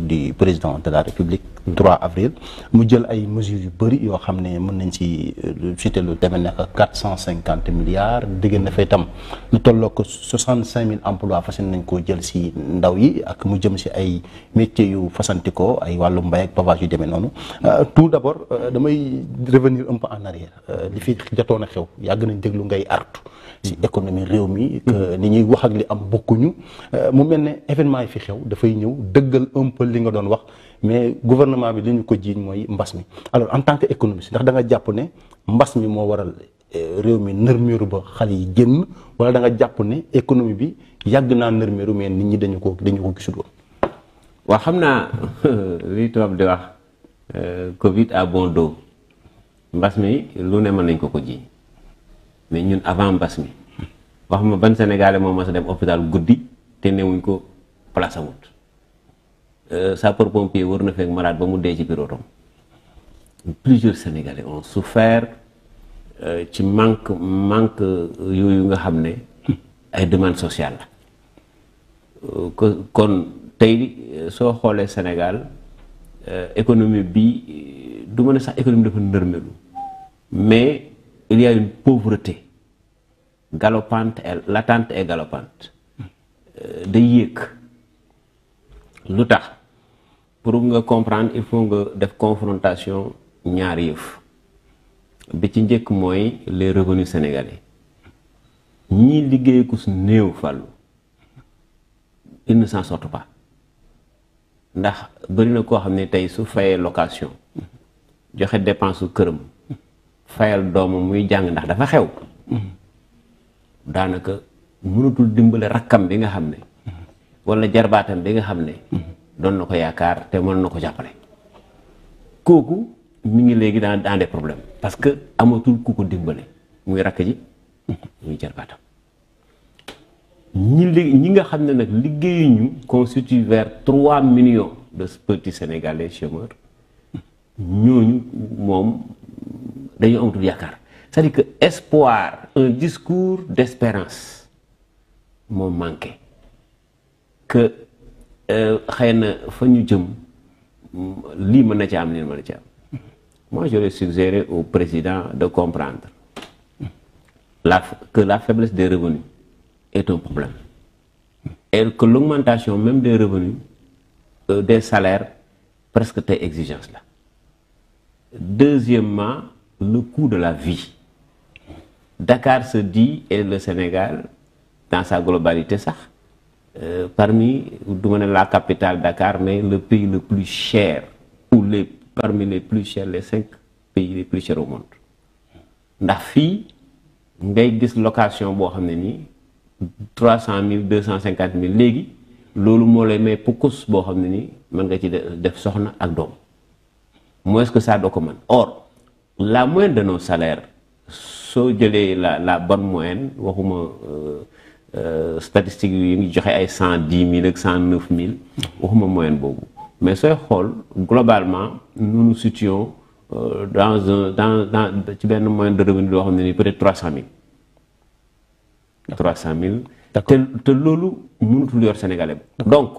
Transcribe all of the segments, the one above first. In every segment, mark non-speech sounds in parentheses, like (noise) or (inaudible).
discours du président de la République 3 avril mu jël ay mesures yu bëri yoo xam ne mën nañ ci euh, cité lu demee nekk quatre cent cinquante milliards dégg na fa itam lu tolloo ko soixante cinq mille emplois fas nañ koo jël si ndaw yi ak mu jëm si ay métiers yu fasantikoo ay wàllu mbay ak pavage yu demee noonu euh, tout d'abord euh, damay revenir un peu en arrière li fi jotoon a xew yàgg nañ déglu ngay artu ci économie réew mi que li mm-hmm. ñuy wax ak li am bokkuñu euh, mu mel ne événement yi fi xew dafay ñëw dëggal un peu li nga doon wax mais gouvernement bi li ko jiiñ mooy mbas mi alors en tant que économiste ndax da jàpp ne mbas mi moo waral euh, réew mi nërmeeru ba xale yi génn wala da nga jàpp ne économie bi yàgg naa nërmeeru mais nit ñi dañu ko dañu ko gisul xam naa (laughs) li tubaab di wax à euh, bon dos mbas mi lu ne mën nañ ko ko ji mais ñun avant mbas mi wax ma ban sénégalais moom mas sa dem hôpital guddi te newuñ ko place sa euh, sapeur pompier wër na feek malade ba mu dee ci biir otom plusieurs sénégalais ont souffert euh, ci manque manque euh, yooyu nga xam ne ay demande sociale la kon tey soo xoolee Sénégal économie bi du ma ne sax économie dafa nërmelu mais il y a une pauvreté galopante et latente euh, yéeg lu tax pour nga comprendre il faut nga def confrontation ñaar yëf bi ci njëkk mooy les revenus sénégalais ñii liggéey ku su néew fàllu ils ne s'en pas ndax bëri na koo xam ne tey su fayee location joxe dépense su këram fayal doomam muy jàng ndax dafa xew daanaka mënatul dimbale rakkam bi nga xam ne wala jarbaatam bi xam ne doon na ko yaakaar te mën na ko jàppale kooku mi ngi léegi daan dans problème parce que amatul ku ko dimbale muy rakk ji muy jarbaatam ñi léegi ñi nga xam ne nag liggéeyuñu constitue vers trois millions de petits sénégalais chômeurs ñooñu moom dañu amatul yaakaar c'est-à-dire que espoir un discours d'espérance moom manqué que euh, xëy na fa ñu jëm lii mën na ci am lii mën na ci am moi j'aurais suggéré au président de comprendre la que la faiblesse des revenus est un problème et que l'augmentation même des revenus euh, des salaires presque tey exigence la deuxièmement le coût de la vie. Dakar se dit, et le Sénégal, dans sa globalité, ça, euh, parmi, la capitale Dakar, mais le pays le plus cher, ou les, parmi les plus chers, les cinq pays les plus chers au monde. ndax fii ngay gis location boo xam ne nii trois cent mille deux cent cinquante mille léegi loolu moo lay may pukkus boo xam ne nii mën nga ci def soxna ak doom moins que ça doo ko mën or la moyenne de nos salaires soo jëlee la la bonne moyenne waxuma euh, euh, statistiques yu ngi joxe ay cent dix mille ak cent neuf mille waxuma moyenne boobu mais sooy xool globalement nous nous situons euh, dans un dans dans ci benn moyenne de revenu loo xam ne nii peut-être trois cent mille. cent mille. te loolu mënutul yor sénégalais donc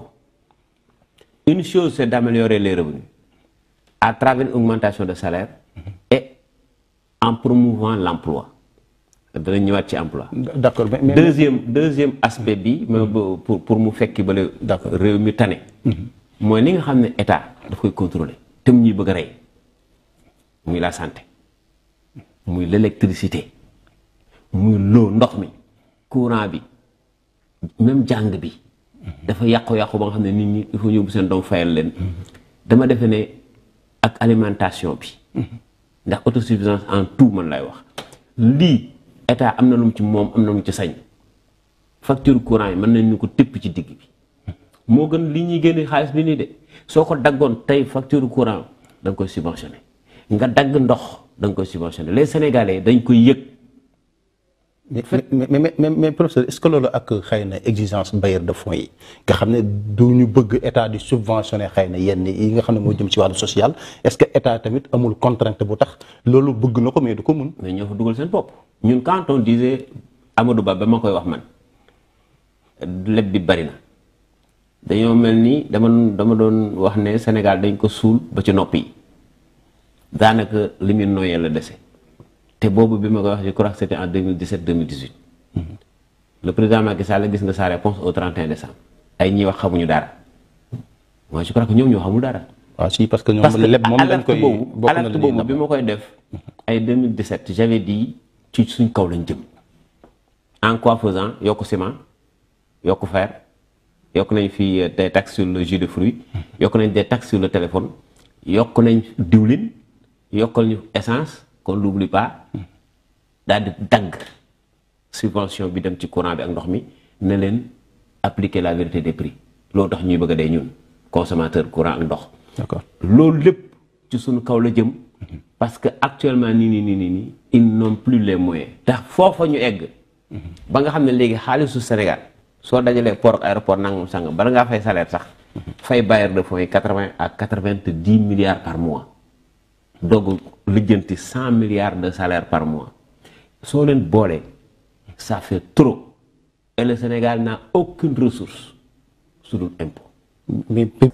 une chose c'est d'améliorer les revenus à travers une augmentation de salaire. en promouvant l' emploi dana ñëwaat ci emploi. d' accord mais deuxième deuxième aspect bi. Mm-hmm. pour pour mu fekki ba le. d' réew mi tane. Mm-hmm. mooy li nga xam ne état daf koy contrôler te mu ñuy bëgg a rey muy la santé muy l' électricité muy loo ndox mi courant bi même jàng bi. Mm-hmm. dafa yàqu-yàqu ba nga xam ne nit ñi il ñëw ñu seen doom fayal leen. dama defe ne ak alimentation bi. ndax autosuffisance en tout man lay wax lii état am na lum ci moom am na lu ci sañ facture courant yi mën nañ ñu ko tëpp ci digg bi moo gën li ñuy génne xaalis bi nii de soo ko daggoon tey facture courant da koy subventionné nga dagg ndox da nga koy subventionné les sénégalais dañ koy yëg. mais mais mais mais professeur est-ce que loolu ak xëy na exigence bailleur de fonds yi nga xam ne du ñu bëgg état di subventionné xëy na yenn yi nga xam ne moo jëm ci wàllu social est-ce que état tamit amul contrainte bu tax loolu bëgg na ko mais du ko mun. mais ñoo fa dugal seen bopp ñun quand on Amadou Ba ba ma koy wax man leb bi bari na dañoo mel ni dama dama doon wax ne Sénégal dañ ko suul ba ci nopp yi daanaka li muy noyyee la dese. te boobu bi ma koy wax je crois que c'était en 2017 2018 le président Macky Sall gis nga sa réponse au 31 décembre ay ñi wax xamuñu dara moi je crois que ñoom ñoo xamul dara. waaw ah, si parce que ñoom lépp moom dañ koy bokk na alerte boobu bi ma koy def ay 2017 j'avais dit ci suñ kaw lañ jëm en quoi faisant yokk ciment yokk fer yokk nañ fii euh, des taxes sur le jus de fruits yokk nañ des taxes sur le téléphone yokk nañ diwlin yokkal ñu essence. qu'on n'oublie pas daal di dagg subvention bi dem ci courant bi ak ndox mi ne leen appliquer la vérité des prix loolu tax ñuy bëgg a dee ñun consommateur courant ak ndox. d'accord loolu lépp ci suñu kaw la jëm. parce que actuellement nii nii nii nii nii ils n'ont plus les moyens. ndax foofa ñu egg. ba nga xam ne léegi xaalisu Sénégal soo dajalee port aéroport nangam sangam bala ngaa fay salaire sax. fay bailleur de fonds yi quatre-vingts à quatre-vingt-dix milliards par mois. dogu lijjanti cent milliards de salaire par mois soo leen boolee ça fait trop et le Sénégal n'a aucune ressource su dul impôt